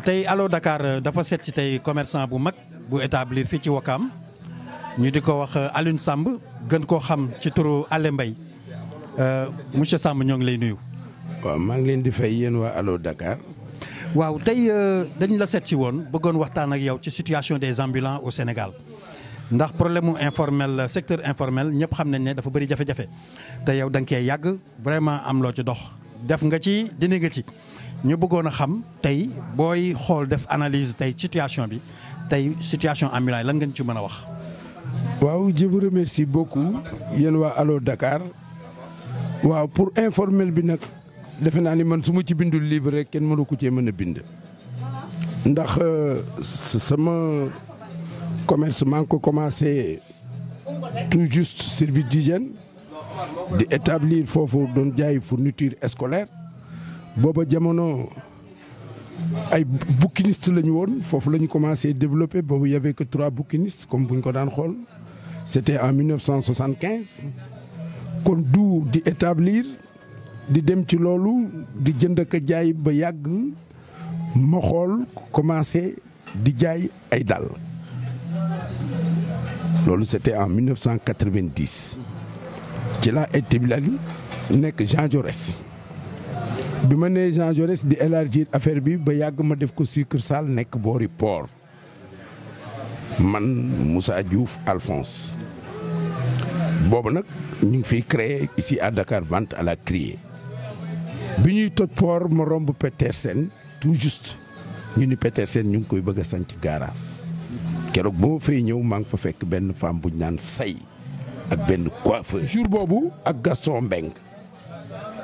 tay Allo Dakar euh, dafa ci commerçant bu mag bu établir fi ci wakam ñu diko wax euh, Samb gën ko xam ci turu euh monsieur Samb ñong lay nuyu. wa ma ngi di Dakar. Euh, dañ la situation des ambulants au Sénégal ndax problème informel secteur informel ñep xam ne dafa bëri jafé jafé yow vraiment am lo ci dox def nga ci ñu bëggoon a xam tey booy xool def analyse tey situation bi tey situation ambulance lan ngeen ci mën a wax. waaw je vous remercie beaucoup yéen waa Allo Dakar waaw pour informel bi nag defe naa ni man su ma ci bindul livre rek kenn mënu ko cee mën a bind. ndax euh, sama commerce maa ngi ko commencé tout juste service d'hygiène di établir foofu doon jaay fourniture scolaire. Bobo jamono ay bouquiniste lañ won fofu lañ commencé développer bobu y avait que trois bouquinistes comme buñ ko daan xol c'était en 1975 kon du di établir di dem ci lolu di jënd ak jaay ba yagg ma xol commencé di jaay ay dal lolu c'était en 1990 ci la établi nek Jean Jaurès bi ma nee Jean Jaurès di élargir affaire bi ba yàgg ma def ko succursale nekk boori poor man Moussa Diouf Alphonse boobu nag ñu ngi fiy créé ici à Dakar vente à la criée bi ñuy toj port ma romb Petersen tout juste ñu ni Petersen ñu ngi koy bëgg a sanc gaaraas keroog boo fay ñëw maa ngi fa fekk benn femme bu ñu naan say ak benn coiffeur jour boobu ak Gaston Mbengue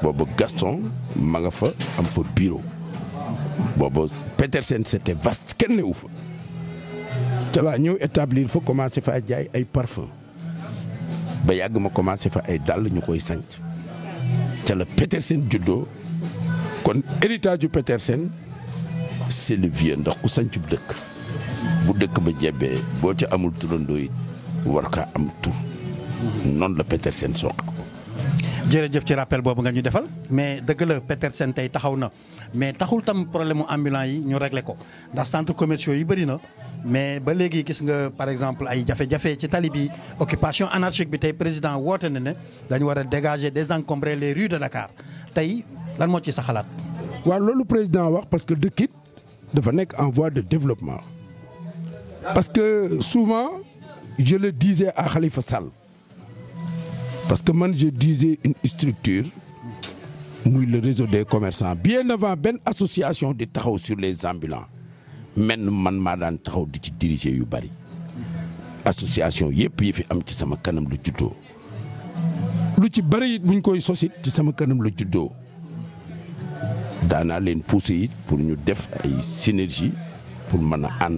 boobu Gaston ma nga fa am fa bureau boobu Petersen c'était vaste kenn newu fa te laa ñëw établir fa commencé fa jaay ay parfum ba yàgg ma commencé fa ay dàll ñu koy sanc ca la Petersen juddoo kon héritage yu Petersen c'est le vieux ndax ku sanc bu dëkk bu dëkk ba jebbee boo ca amul turandoo war kaa am tur noonu la Petersen soq jërëjëf ci rappel boobu nga ñu defal mais dëgg la sen tey taxaw na mais taxul tam problème ambulant yi ñu réglé ko ndax centre commerciaux yi bëri na mais ba léegi gis nga par exemple ay jafe-jafe ci tali bi occupation anarchique bi tey président woote na ne dañu war a dégager désencombrer les rues de Dakar tey lan moo ci sa xalaat. waaw loolu président wax parce que dëkk it dafa nekk en voie de développement parce que souvent je le disais à Khalifa Sall. Parce que moi, je disais une structure, le réseau des commerçants, bien avant ben association de taxaw sur les ambulants. Maintenant, man suis daan taxaw di ci diriger yu bari association yëpp yi fi am ci sama kanam lu le lu ci bari it buñ koy sosit ci sama kanam la juddoo daanaa pousser pour ñu def ay synergie pour mën a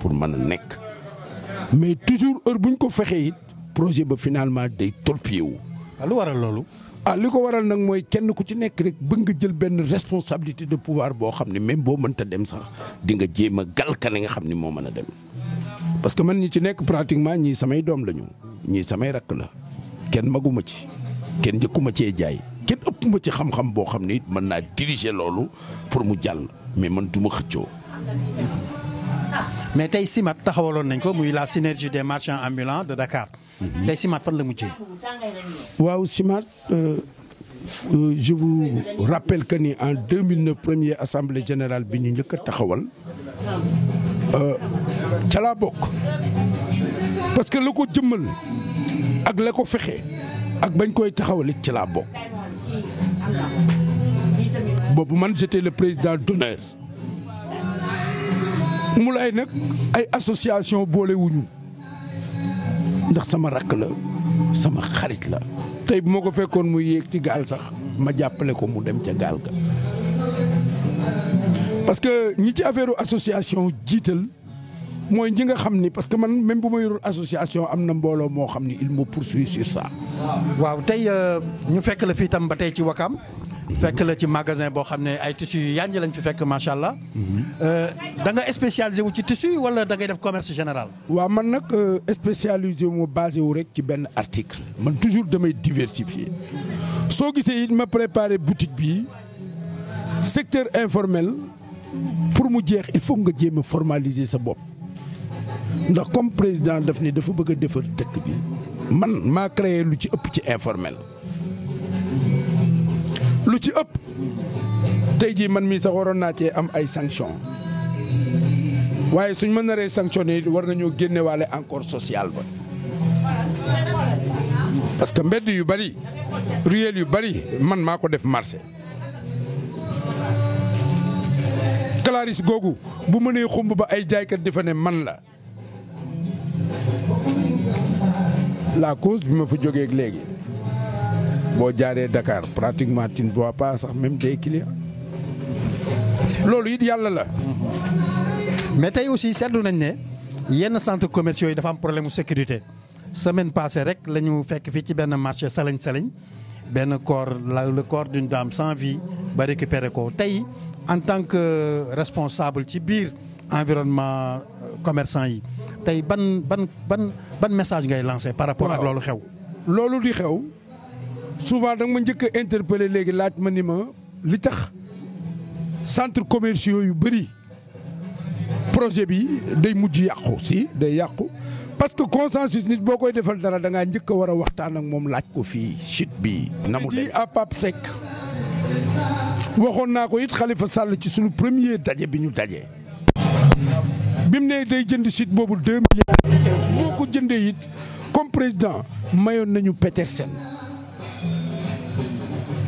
pour mën a mais toujours heure buñ ko fexee it projet ba finalement day torpillé wu. Ah, lu waral loolu. ah li ko waral nag mooy kenn ku ci nekk rek bëgg nga jël benn responsabilité de pouvoir boo xam ne même boo mënta dem sax di nga jéem a galkane nga xam ni moo mën a dem. parce que man ñi ci nekk pratiquement ñii samay doom lañu ñii samay rakk la kenn maguma ci kenn njëkkuma cee jaay kenn ëppuma ci xam-xam boo xam ni mën naa diriger loolu pour mu jàll mais man du ma xëccoo. mais tey simat taxawaloon nañ ko muy la synergie des marchands ambulants de Dakar. Mhm. tey Simaat fan la mujjee. waaw Simaat euh, euh, je vous rappelle que ni en 2009 première assemblée générale bi ñu njëkk a taxawal euh, ca laa bokk parce que la ko jëmmal ak la ko fexe ak bañ koy taxawal it ca laa bokk boobu man j'étais le président d'honneur mu lay nag ay association boolewuñu ndax sama rakk la sama xarit la tey bu ma ko fekkoon muy yéeg ci gaal sax ma jàppale ko mu dem ca gaal ga parce que ñi ci affaire association jiital mooy ñi nga xam ni parce que man même bu ma yorul association am na mbooloo moo xam ni il me poursuit sur ça. waaw tey euh, ñu fekk la fii tam ba tey ci Wakaam. fekk la ci magasin bo xamné ay tissus yu lañ fi fekk macha allah. Mhm. Euh, da nga spécialisé wu ci tissu wala da ngay def commerce général. wa man nak euh, spécialisé mo basé wu rek ci ben article man toujours damay diversifier so gisee yi ma préparé boutique bi secteur informel pour mu jeex il faut nga jéem formaliser sa bop ndax comme président daf ni dafa bëgg a defar dëkk bi man ma créé lu ci ëpp ci informel. lu ci ëpp tey jii man mii sa waroon naa cee am ay sanction waaye suñ mën naree sanction yi war nañoo génnewaale encore social ba parce que mbedd yu bari ruelle yu bari man maa ko def marché claris googu bu mënee xumb ba ay jaaykat di fa ne man la la cause bi ma fa jógeek léegi boo à Dakar pratiquement tu ne vois pas ça même des clients ce qui est la. mais aussi Il y a yenn centres commerciaux yi dafa am problème de sécurité semaine passée rek avons fait Un marché salin saline ben le corps d'une dame sans vie ba récupérer en tant que responsable ci l'environnement environnement euh, commerçant Quel ban ban message ngay lancé. par rapport à Ce xew. loolu di souvent da nga ma njëkk a interpellé léegi laaj ma ni ma li tax centre commerciaux yu bëri projet bi day mujj yàqu si day yàqu parce que consensus nit boo koy defal dara da ngaa njëkk a war a waxtaan ak moom laaj ko fii chute bi na mu di à Pape Seck waxoon naa ko it xalifa Sall ci suñu premier daje bi ñu daje bi mu ne day jënd site boobu deux milliards boo ko jëndee it comme président mayoon nañu Petersen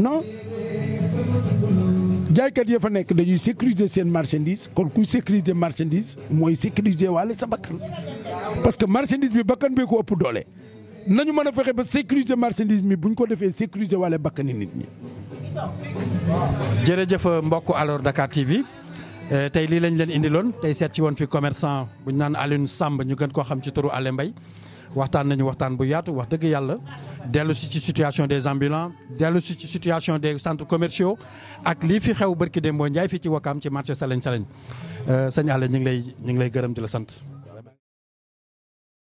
non jaaykat yee fa nekk dañuy sécuriser seen marchandise kon ku sécuriser marchandise mooy sécuriser waale sa bakkan parce que marchandise bi bakkan bee ko ëpp doole nañu mën a fexe ba sécuriser marchandise mi bu ñu ko defee sécuriser waale bakkani nit ñi. jërëjëf mbokk alors Dakar TV eh, tey lii lañ leen indiloon tey seet ci woon fi commerçant bu ñu naan Alioune Samb ñu gën koo xam ci turu Alé Mbaye waxtaan nañu waxtaan bu yaatu wax dëgg yàlla dellu si ci situation des ambulants dellu si ci situation des centres commerciaux ak lii fi xew barki Demba Ndiaye fii ci wakam ci marché Salañ Salañ euh, sëñ Allé ñu ngi lay ñu ngi lay gërëm di la sant.